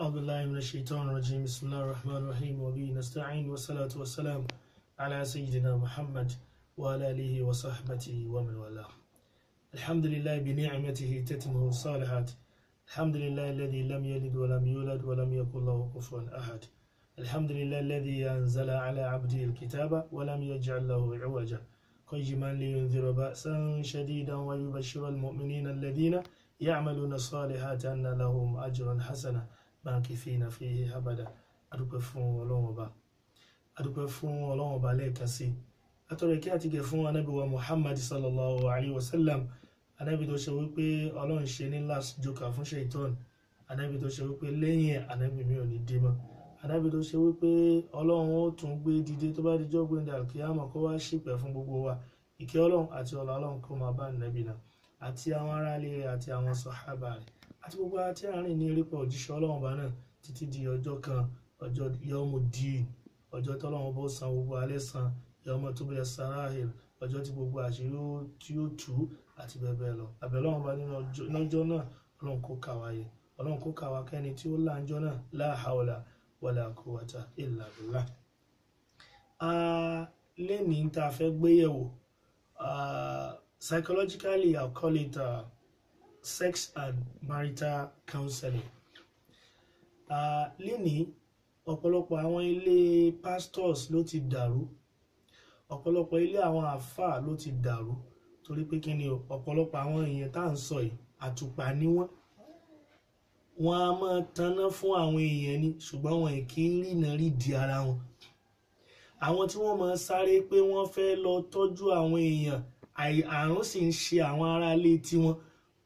أعوذ بالله من الشيطان الرجيم بسم الله الرحمن الرحيم وبه نستعين والصلاة والسلام على سيدنا محمد وعلى آله وصحبه ومن والاه الحمد لله بنعمته تتم الصالحات الحمد لله الذي لم يلد ولم يولد ولم يكن له كفوا أحد الحمد لله الذي أنزل على عبده الكتاب ولم يجعل له عوجا قيما لينذر بأسا شديدا ويبشر المؤمنين الذين يعملون الصالحات أن لهم أجرا حسنا makifina na abada adúpẹ́ fún ọlọ́run ọba adúpẹ́ fún ọlọ́run ọba lẹ́ẹ̀kan sí látọ̀rẹ̀ kí àti gẹ̀ fún anábì wa muhammad sallallahu alayhi wa sallam anábì tó ṣe wípé ọlọ́run ṣe ní last joker fún shaitan anábì tó ṣe wípé lẹ́yìn anábì mi ò ní dé mọ́ anábì tó ṣe wípé ọlọ́run ó tún gbé dìde tó bá di jọ́ gbé dàkíyàmọ̀ kó wá ṣìpẹ̀ fún gbogbo wa ìkẹ́ ọlọ́run àti ọlọ́run kó máa bá nàbì náà àti àwọn aráalé rẹ̀ àti àwọn sọ̀hábà rẹ̀ àti gbogbo àti àárín ní erépa òjíṣẹ́ ọlọ́run bá náà títí di ọjọ́ kan ọjọ́ yọmùdíìn ọjọ́ tọ́lọ́run bó san gbogbo alẹ́ san yọmọ tó bẹ̀rẹ̀ sarahil ọjọ́ tí gbogbo àṣírí tí ó tú àti bẹ́ẹ̀ bẹ́ẹ̀ lọ àbẹ̀lọ́run bá nínú ọjọ́ náà ọlọ́run kó kà wáyé ọlọ́run kó tí ó láǹjọ́ náà la hawla wala quwwata a lè ní tá a fẹ́ gbéyẹ̀wò psychologically i call it. Uh, sex and marital counseling uh, ah, lénìí ọ̀pọ̀lọpọ̀ àwọn ilé pastors ló ti dàrú ọ̀pọ̀lọpọ̀ ilé àwọn àáfàá ló ti dàrú torí pé kí ni ọ̀pọ̀lọpọ̀ àwọn èèyàn tá à ń sọ yìí àtùpà ni wọ́n wọ́n á máa tanná fún àwọn èèyàn ni ṣùgbọ́n wọn kì í rìnà rí di ara wọn àwọn tí wọ́n máa sáré pé wọ́n fẹ́ lọ tọ́jú àwọn èèyàn àrùn sì ń ṣe àwọn aráalé tiwọn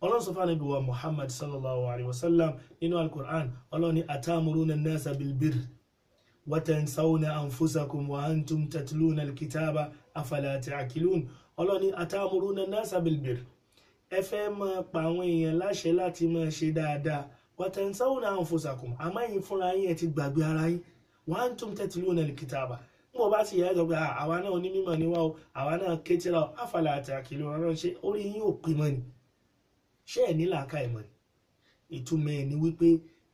ọlọ́run sọ fún ànábì wa muhammad sallallahu alayhi wa sallam nínú alukur'an ọlọ́run ni atamuruna nasa bilbir watansawuna anfusakum wa antum tatluna alkitaba afala ta'qilun ọlọ́run ni atamuruna nasa bilbir ẹ fẹ́ máa pa àwọn èèyàn láṣẹ láti máa ṣe dáadáa watansawuna anfusakum àmọ́ yín fúnra yín ẹ ti gbàgbé ara yín wa antum tatluna alkitaba mo bá sì yẹ́ gbogbo ah, àwa náà onímọ̀ níwá o àwa náà kétíra o àfàlà àti àkìlọ̀ ọ̀rọ̀ ṣe orí yín ò pín mọ́ ni ṣé ẹ̀ ní làákàyè mọ̀ ni ìtumọ̀ ẹ̀ ni wípé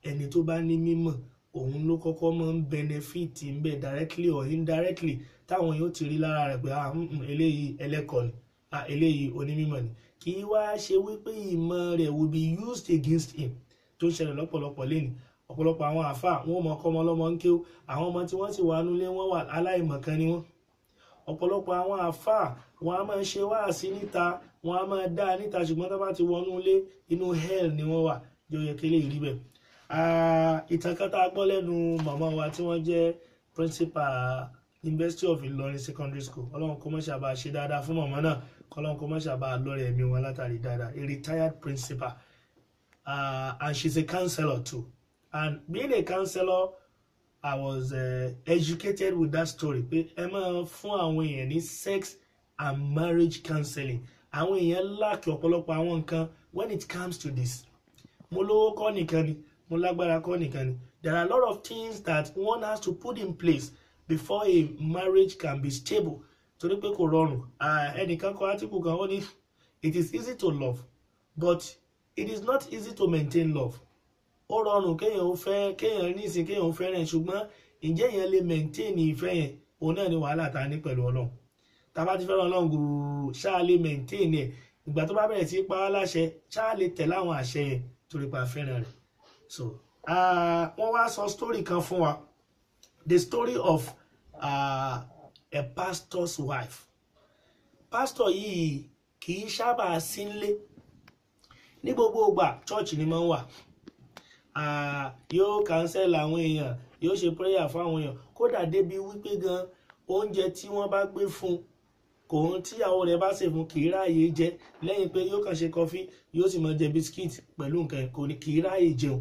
ẹni tó bá ní mímọ̀ òun ló kọ́kọ́ máa ń benefit ń bẹ directly or indirectly táwọn yóò ti rí lára rẹ̀ pé ah eléyìí ẹlẹ́kọ̀ọ́ ni ah eléyìí onímọ̀ ni kì í wá ṣe wípé ìmọ̀ rẹ̀ will be used against him tó ń ṣẹlẹ̀ lọ́pọ̀lọpọ̀ lẹ́nu ọ̀pọ̀lọpọ̀ àwọn àáfàá wọn ò mọ̀ ọkọ ọmọ ọlọ́mọ ń kéw àwọn ọmọ tí wọ́n sì wà nulẹ̀ wọ́n wà aláìmọ̀kan ni wọ́n ọ̀pọ̀lọpọ̀ àwọn àáfàá wọn a máa ṣe wáàsí níta wọn a máa dá níta ṣùgbọ́n tó bá ti wọnú ilé inú hell ni wọ́n wà yóò yẹ kí eléyìí rí bẹ́ẹ̀. ìtàn kan gbọ́ lẹ́nu màmá wa tí wọ́n jẹ́ principal University of Ilorin Secondary School ọlọ́run kó má ṣàbà ṣe dáadáa fún màmá náà kọ́lọ́run kó má ṣàbà lọ́rẹ̀ ẹ̀mí wọn látàrí dáadáa a retired principal uh, and she's a counselor too and being a counselor I was uh, educated with that story pé ẹ máa fún àwọn èèyàn ní sex and marriage counseling àwọn èèyàn láàkì ọ̀pọ̀lọpọ̀ àwọn nǹkan when it comes to this mo lówó kọ́ nìkan ni mo lágbára kọ́ nìkan ni there are a lot of things that one has to put in place before a marriage can be stable torí pé kò rọrùn ẹnìkan kọ átíkù kan ó ní it is easy to love but it is not easy to maintain love ó rọrùn kéèyàn ó fẹ́ kéèyàn nísìn kéèyàn ó fẹ́ràn ṣùgbọ́n ǹjẹ́ èèyàn lè maintain ìfẹ́ yẹn òun náà ni wàhálà ta ní pẹ̀lú ọlọ́run tá a bá ti fẹ́ràn ọlọ́run gùrù ṣáà lè maintain ẹ̀ ìgbà tó bá bẹ̀rẹ̀ sí pa á láṣẹ ṣáà lè tẹ̀lé àwọn àṣẹ yẹn torí pa fẹ́ràn rẹ̀ so wọ́n wá sọ story kan fún wa the story of a pastor's wife pastor yìí kì í sábà sí ní gbogbo ìgbà church ni máa ń wà yóò cancel àwọn èèyàn yóò ṣe prayer fún àwọn èèyàn kódà débi wípé gan oúnjẹ tí wọ́n bá gbé fún kò ń tíyàwó rẹ̀ bá ṣe fún kì í ráàyè jẹ lẹ́yìn pé yóò kàn ṣe kọfí yóò sì mọ jẹ biskit pẹ̀lú nǹkan kò ní kì í ráàyè jẹun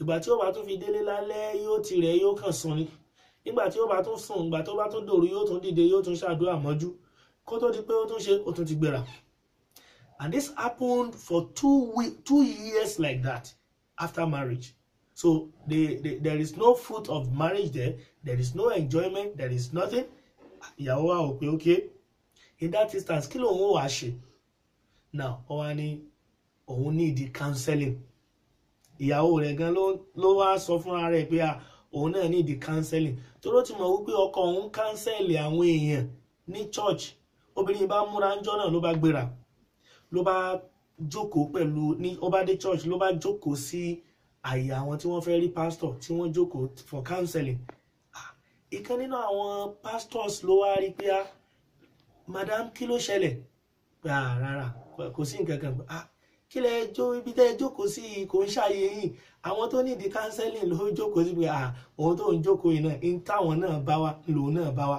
ìgbà tí ó bá tún fi délé lálẹ́ yóò tirẹ̀ yóò kàn sùn ni nígbà tí ó bá tún sùn ìgbà tó bá tún dòru yóò tún dìde yóò tún ṣàdúrà mọ́jú kó tó di pé ó tún ṣe ó tún ti gbéra and this happened for two, two years like that after marriage. So the they, there is no fruit of marriage there. There is no enjoyment. There is nothing. Ìyàwó wa ò okay. In that instance, kí lòun ò Now, ó wá ní òun ní ìdí counseling. Ìyàwó rẹ̀ gan ló ló wá sọ fúnra rẹ̀ pé ah, òun náà ní ìdí counseling. Toró ti mọ̀ wípé ọkọ òun kánsẹ́ẹ̀lì àwọn èèyàn ní church. Obìnrin ba múra ń jọ́ náà ló bá gbéra jókòó pẹ̀lú ní ó bá church ló bá jókòó sí àyè àwọn tí wọ́n fẹ́ rí pastor tí wọ́n jókòó for counseling ìkan nínú àwọn pastors ló wá rí pé ah, madam kí ló ṣẹlẹ̀ ah, rárá kò sí nǹkan kan ah, kí lẹ jó ibi tẹ́ ẹ jókòó sí kò ń ṣàyè yìí àwọn tó nídìí counseling ló jókòó sí pé òun tó ń jókòó yìí náà ń táwọn náà bá wa lòun náà bá wa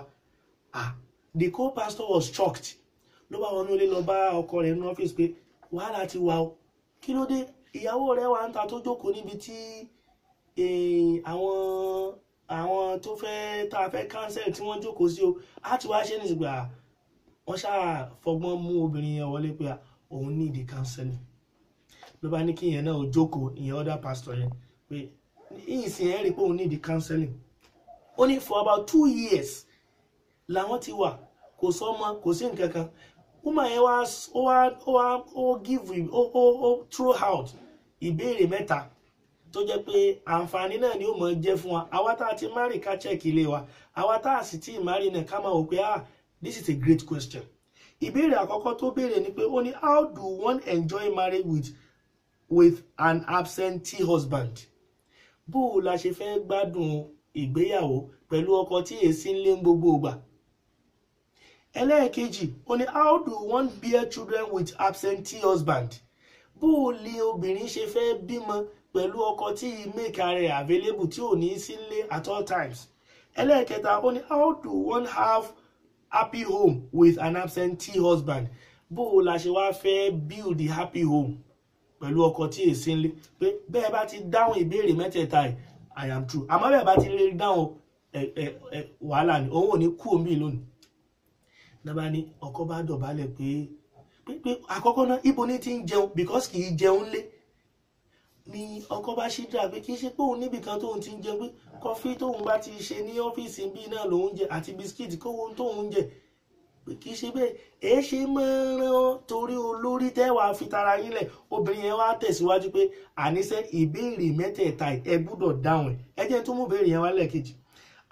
the co-pastor was shocked ló bá wọnú ilé lọ bá ọkọ rẹ̀ ní ọ́fíìsì pé wàhálà ti wà o kí ló dé ìyàwó rẹ̀ wà ń ta tó jókòó níbi tí àwọn àwọn tó fẹ́ tá a fẹ́ cancel tí wọ́n jókòó sí o á ti wá ṣe nígbà wọ́n ṣáà fọgbọ́n mú obìnrin yẹn wọlé pé òun ní ìdí counseling ló bá ní kí ìyẹn náà jókòó ìyẹn other pastor yẹn pé ìsìn ẹ̀ rí pé òun ní ìdí counseling ó ní for about two years làwọn ti wà kò sọ́mọ kò sí nǹkan kan woman yẹn wá ó wá ó wá ó give him ó ó ó throughout ìbéèrè mẹ́ta tó jẹ́ pé àǹfààní náà ni ó mọ̀ jẹ́ fún wa àwa tá a ti márì ká check ilé wa àwa tá a sì ti márì náà ká máa wò pé ah this is a great question ìbéèrè àkọ́kọ́ tó béèrè ni pé ó ní how do one enjoy marriage with with an absentee husband bó o la ṣe fẹ́ gbádùn ìgbéyàwó pẹ̀lú ọkọ tí èsì ń lé gbogbo ìgbà ẹlẹ́ẹ̀kejì ó ní how do one bear children with absentee husband bó o lè obìnrin ṣe fẹ́ bímọ pẹ̀lú ọkọ tí make rẹ̀ available tí ò ní sílé at all times ẹlẹ́ẹ̀kẹta ó ní how do one have happy home with an absentee husband bó o la ṣe wá fẹ́ build the happy home pẹ̀lú ọkọ tí èsì ń lé pé bẹ́ẹ̀ bá ti dáhùn ìbéèrè mẹ́tẹ̀ẹ̀ta ẹ̀ i am true àmọ́ bẹ́ẹ̀ bá ti lè dáhùn wàhálà ni òun ò ní kú omi lónìí nàbà ni ọkọ bá dọ̀bálẹ̀ pé pé àkọ́kọ́ náà ibo ni ti ń jẹun because kì í jẹun lé ni ọkọ bá ṣí dà pé kì í ṣe pé òun níbi tóun ti ń jẹun pé kọfí tóun bá ti ṣe ní ọ́fíìsì bíi náà lòun jẹ àti bisikíìtì kówó tóun jẹ pé kì í ṣe bẹ́ẹ̀ ẹ ṣe máa ń rán torí olórí tẹ́wàá fi tara yín lẹ̀ obìnrin yẹn wá tẹ̀síwájú pé àníṣe ìbéèrè mẹ́tẹ̀ẹ̀ta ẹ gbúdọ̀ dáhùn ẹ jẹ́ tó mú ìbéèrè yẹn wá lẹ́ẹ̀kejì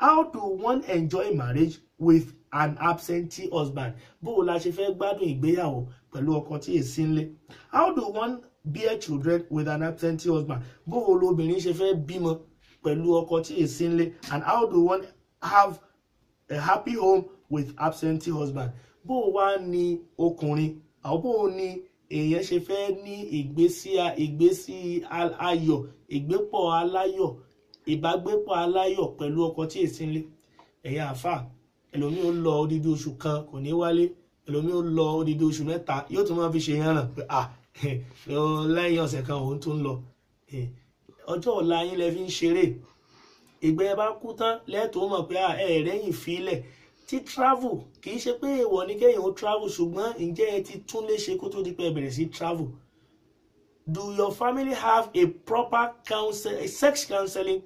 how do one enjoy marriage with an absentee husband bó o la ṣe fẹ́ gbádùn ìgbéyàwó pẹ̀lú ọkọ tí èsì ń how do one bear children with an absentee husband bó o lobìnrin ṣe fẹ́ bímọ pẹ̀lú ọkọ tí èsì ń and how do one have a happy home with absentee husband bó o wá ní ọkùnrin àwọn bó o ní èèyàn ṣe fẹ́ ní ìgbésí ìgbésí ayọ̀ ìgbépọ̀ aláyọ̀ ìbágbépọ̀ aláyọ̀ pẹ̀lú ọkọ tí èsì ń lé àfáà ẹlòmíì ó lọ odidi oṣù kan kò ní wálé ẹlòmíì ó lọ odidi oṣù mẹ́ta yóò tún máa fi ṣe yànràn pé à ah, lẹ́yìn ọ̀sẹ̀ kan òun tún lọ eh, ọjọ́ ọ̀la yín lẹ fi ń ṣeré ìgbẹ́ bá kú tán lẹ́tọ̀ọ́ mọ̀ pé ah, ẹ̀ẹ́rẹ́yìn fílẹ̀ tí travel kì í ṣe pé èèwọ̀ ní kéèyàn ó travel ṣùgbọ́n ǹjẹ́ ẹ ti tún lè ṣe kó tó di pé ẹ bẹ̀rẹ̀ sí travel do your family have a proper counsel, a sex counseling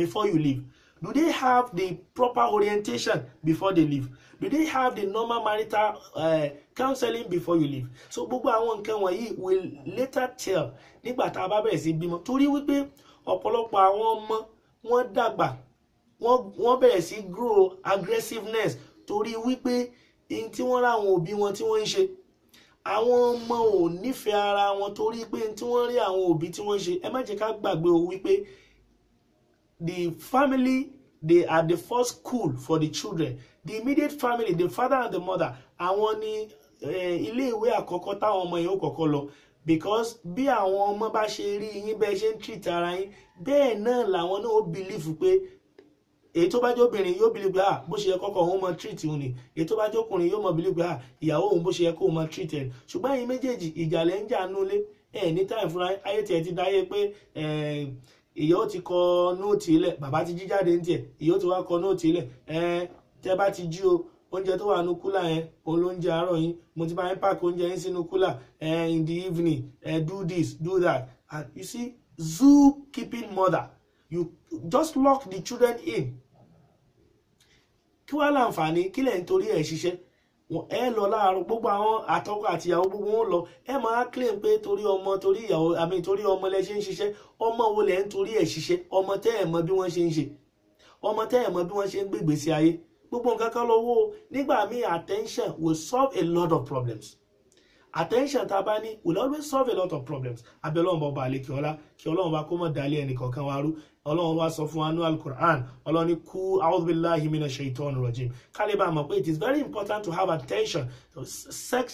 before you leave Do they have the proper orientation before they leave? Do they have the normal marital uh, counseling before you leave? So gbogbo àwọn nǹkan wọ̀nyí will later tell nígbà tá a bá bẹ̀rẹ̀ sí bímọ torí wípé ọ̀pọ̀lọpọ̀ àwọn ọmọ wọ́n dàgbà wọ́n bẹ̀rẹ̀ sí grow aggressiveness torí wípé in tí wọ́n ráwọn òbí wọn tí wọ́n ń ṣe àwọn ọmọ ò nífẹ̀ẹ́ ara wọn torí pé in tí wọ́n rí àwọn òbí tí wọ́n ń ṣe ẹ má jẹ́ ká gbàgbé o wípé the family they are the first school for the children the immediate family the father and the mother àwọn ni eh, ilé ìwé àkọ́kọ́ táwọn ọmọ yẹn ó kọ́kọ́ lọ because bí àwọn ọmọ bá ṣe rí yín bẹ́ẹ̀ ṣe ń treat ara yín bẹ́ẹ̀ náà làwọn náà ó believe pé èyí tó bá jẹ́ obìnrin yóò believe pé ah bó ṣe yẹ kọ́kọ́ òun mọ treat òun ni èyí tó bá jẹ́ ọkùnrin yóò mọ believe pé ah ìyàwó òun bó ṣe yẹ kó mọ treat ẹ̀ ṣùgbọ́n ẹ̀yin méjèèjì ìjà lẹ́ ń jà nulẹ̀ ẹ̀ ní time fúnra ayé tiẹ̀ ti dáyé pé eh, ìyá ó ti kọ nóòtì ilẹ̀ bàbá ti jí jáde ní tiẹ̀ ìyá ó ti wá kọ nóòtì ilẹ̀ ẹ̀ẹ́n tẹ́ bá ti jí o oúnjẹ tó wà nínú kúlà yẹn òun ló ń jẹ àárọ̀ yín mo ti bá yín pààkì oúnjẹ yín sínú kúlà in the evening eh, do this do that and you see zoo keeping mother you just lock the children in kí wàá láǹfààní kí lẹ́yìn torí ẹ̀ ṣiṣẹ́ ẹ lọ láàárọ̀ gbogbo àwọn àtọkọ àti ìyàwó gbogbo wọn lọ ẹ máa claim pé torí ọmọ torí ìyàwó àmì torí ọmọ lẹ ṣe ń ṣiṣẹ́ ọmọ wo lẹ ń torí ẹ̀ ṣiṣẹ́ ọmọ tẹ́ ẹ̀ mọ bí wọ́n ṣe ń ṣe ọmọ tẹ́ ẹ̀ mọ bí wọ́n ṣe ń gbègbè sí ayé gbogbo nǹkan kan lọ́wọ́ nígbà míì attention will solve a lot of problems attention tá bá ní will always solve a lot of problems abẹ́ ọlọ́run bá ọba àlekè ọlá kí ọlọ́run bá kó mọ̀ dálé ẹnì kọ̀ọ̀kan wa rú ọlọ́run wá sọ fún anú alukur'an ọlọ́run ní kú auzubillahi minash shaitan rajim kálíbà mọ̀ pé it is very important to have attention to sex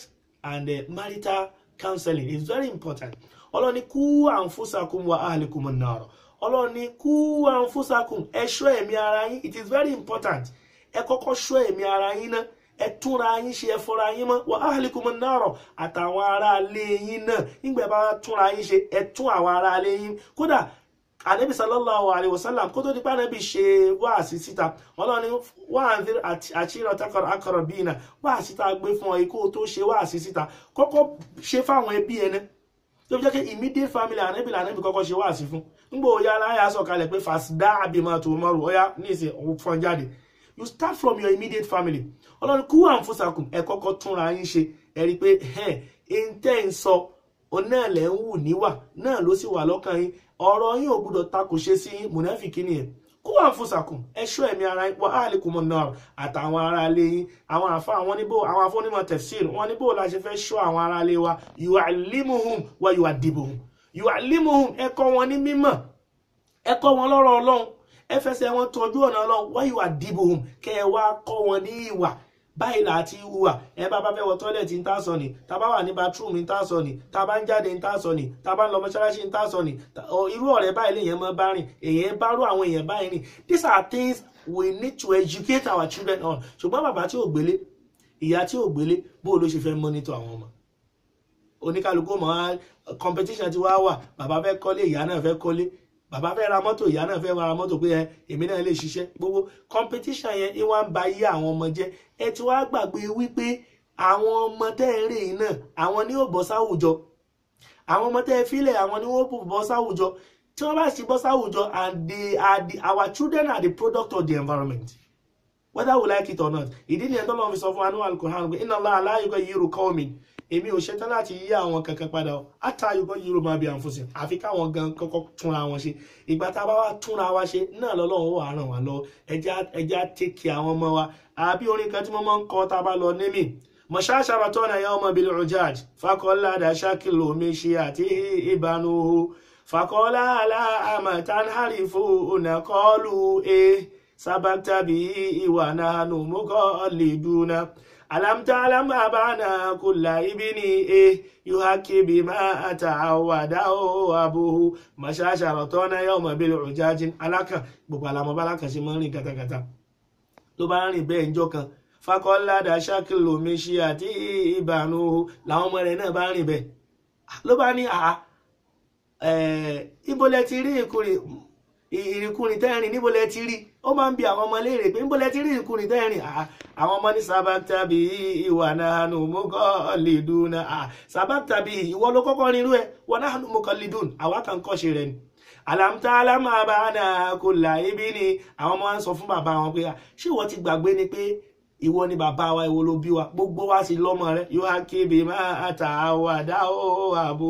and uh, marital counseling is very important ọlọ́run ní kú anfusakum wa ahlikum an-nar ọlọ́run ní kú anfusakum ẹ̀ṣọ́ ẹ̀mí ara yín it is very important ẹ kọ́kọ́ ṣọ́ ẹ̀mí ara yín náà ẹ yín ṣe ẹ fọra yín mọ wà áhàlìkùmọ̀ náírà àtàwọn ará ilé yín náà nígbà bá yín ṣe ẹ àwọn ará yín kódà anabi sallallahu alayhi wa sallam kó tó di pé anabi ṣe ni akọrọ bíi a gbé fún ọ ikú tó ṣe wáàsí síta kọ́kọ́ ṣe fáwọn ẹbí ẹni tó fi jẹ́ immediate family anabi la anabi kọ́kọ́ ṣe fún nígbà aláya sọ̀kalẹ̀ pé mọ́rù ní ìsìn you start from your immediate family ọlọ́run kú àǹfọ̀sàkùn ẹ kọ́kọ́ túnra yín ṣe ẹ i pé ẹ̀ẹ́n tẹ́ ń sọ ọ náà lẹ̀ ń wù níwà náà ló sì wà lọ́kàn yín ọ̀rọ̀ yín ò gbúdọ̀ takò ṣe sí yín mùnáfìkì nìyẹn kú àǹfọ̀sàkùn ẹ ṣọ́ ẹ̀mí ara yín wà áàlì kùmọ̀ náà àtàwọn ará ilé yín àwọn àfa àwọn níbò àwọn afọ́nímọ̀ tafsir wọn níbò la ṣe fẹ́ ṣọ́ àwọn ará ilé wa yu'allimuhum wa yu'addibuhum yu'allimuhum ẹ kọ́ wọn ní mímọ̀ ẹ wọn lọ́rọ̀ ọlọ́run ẹ fẹsẹ̀ wọn tọ́jú ọ̀nà ọlọ́run wọ́n ìwà dìbò hùn kẹ́ ẹ wá kọ́ wọn ní ìwà báyìí là á ti hùwà ẹ bá bá fẹ́ wọ tọ́lẹ̀tì ń tàṣọ ni tá bá wà ní bathroom ń tàṣọ ni tá bá ń jáde ń tàṣọ ni tá bá ń lọ mọ́ṣáláṣí ń tàṣọ ni irú ọ̀rẹ́ báyìí lè yẹn mọ́ bá rìn èyàn bá rú àwọn èèyàn báyìí rìn these are things we need to educate our children on ṣùgbọ́n bàbá tí ò gbélé ìyá tí ò gbélé bó ló ṣe fẹ́ mọ́nítọ̀ àwọn ọmọ oníkálukú mọ́ competition ti wá wà bàbá fẹ́ kọ́lé ìyá náà fẹ́ kọ́lé bàbá fẹ́ ra mọ́tò ìyá náà fẹ́ ra mọ́tò pé ẹ èmi náà lè ṣiṣẹ́ gbogbo competition yẹn ni wọ́n ń ba iye àwọn ọmọ jẹ́ ẹ ti wá gbàgbé wípé àwọn ọmọ tẹ́ ẹ rè náà àwọn ni ó bọ́ sáwùjọ àwọn ọmọ tẹ́ ẹ fílẹ̀ àwọn ni ó bọ́ sáwùjọ tí wọ́n bá sì bọ́ sáwùjọ and they are the our children are the product of the environment whether we like it or not ìdí nìyẹn tó lọ́n fi sọ fún wa ní Al-Qur'an pé inna Allaha la yughayyiru qawmin èmi ò ṣetán láti yí àwọn kankan padà o àtàyùbọ yúrò máa bí àǹfọ̀sìn àfi káwọn gan kọ́kọ́ túnra wọn ṣe ìgbà tá a bá wá túnra wa ṣe náà lọ́lọ́run wà á ràn wá lọ ẹja tèkì àwọn ọmọ wa àbí orin kan tí mo máa ń kọ tá a bá lọ nímì mọ̀ṣáṣàràtọ́nà yà ọmọ bíi rojaj fakọ́lá dàṣákìlò mi ṣe àti ìbànúhù fakọ́lá aláàmọ̀tán hàrífò ònàkọ́lù e sábàtàbí ìwà náà nù ألم تعلم أبانا كل ابن إيه يهكي بما أتعوده أبوه مشاشرتنا يوم بالعجاج ألاك بقالا مبالاك سماني كتا كتا لباني بين جوكا fakọ́ládà ṣákìlò méṣe àti ìbànú làwọn ọmọ rẹ̀ náà bá rìn bẹ́ẹ̀ ló bá ní àá ibo lẹ ti rí ìrìnkúrin tẹ́rìn níbo lẹ ti rí ó máa ń bi àwọn ọmọ léèrè pé ń bọ́lẹ̀ tí rí ìkùnrin tẹ́rìn ah, àwọn ọmọ ní sábàtàbí ìwà náà nù mú kọ́ lìdùn náà sábàtàbí ìwọ ló kọ́kọ́ rírú ẹ wọn náà nù mú kọ́ lìdùn àwa kan kọ́ṣe rẹ ni àlàmtà alámàbàánà kò là ibi ni àwọn ọmọ wa ń sọ fún bàbá wọn pé ah, ṣé ìwọ ti gbàgbé ni pé ìwọ ni bàbá wa ìwọ ló bí wa gbogbo wa sì lọ́mọ rẹ yóò á kébè máa ta àwọn àdá ó àbò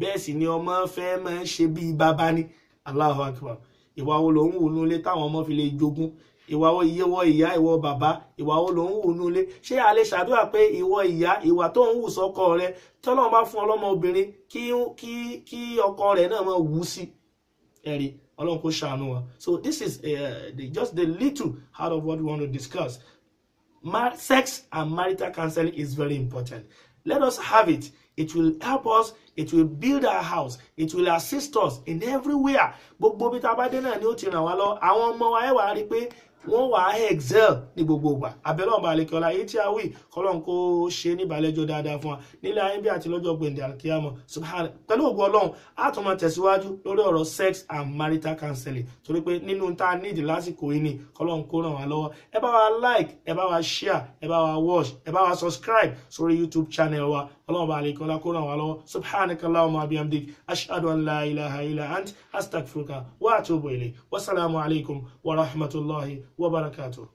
bẹ́ẹ̀ sì ni ọmọ fẹ́ máa ṣe bíi bàbá ni Allahu akbar ìwà wo ló ń wù nú ilé táwọn ọmọ fi lè jogún ìwà wo ìyẹwọ ìyá ìwọ bàbá ìwà wo ló ń wù nú ilé ṣé a lè ṣàdúrà pé ìwọ ìyá ìwà tó ń wù sọ́kọ rẹ tọ́lọ́run bá fún ọlọ́mọ obìnrin kí ọkọ rẹ̀ náà máa wù sí ẹ̀rí ọlọ́run kò ṣàánú wa so this is uh, just the little out of what we want to discuss Mar sex and marital counseling is very important let us have it it will help us it will build our house it will assist us in everywhere gbogbo bí tá a bá dé náà ni ó ti ràn wá lọ àwọn ọmọ wa ẹ wà á rí i pé wọ́n wà á excel ní gbogbo ìgbà abẹ́lẹ́ ọ̀bà àlekọ́lá èyí tí a wí kọ́lọ́n kó ṣe ní ìbàlẹ́jọ́ dáadáa fún wa nílẹ̀ ayé bí àti lọ́jọ́ gbèǹdé àkíyàmọ̀ subhana pẹ̀lú ògùn ọlọ́run a tún máa tẹ̀síwájú lórí ọ̀rọ̀ sex and marital counseling torí pé nínú tá a nídìí lásìkò yìí ni kọ́lọ́n kó ràn wá lọ́wọ́ ẹ bá wa like ẹ bá wa share ẹ bá wa watch ẹ bá wa subscribe sórí youtube channel wa ọlọ́ọ̀bá àlekọ́ ọlá kó ràn wá lọ́wọ́ subhanaka allahumma bihamdik ashhadu an la ilaha illa ant astaghfiruka wa atubu ilayk wasalaamu alaykum wa rahmatulahi wa barakatuh.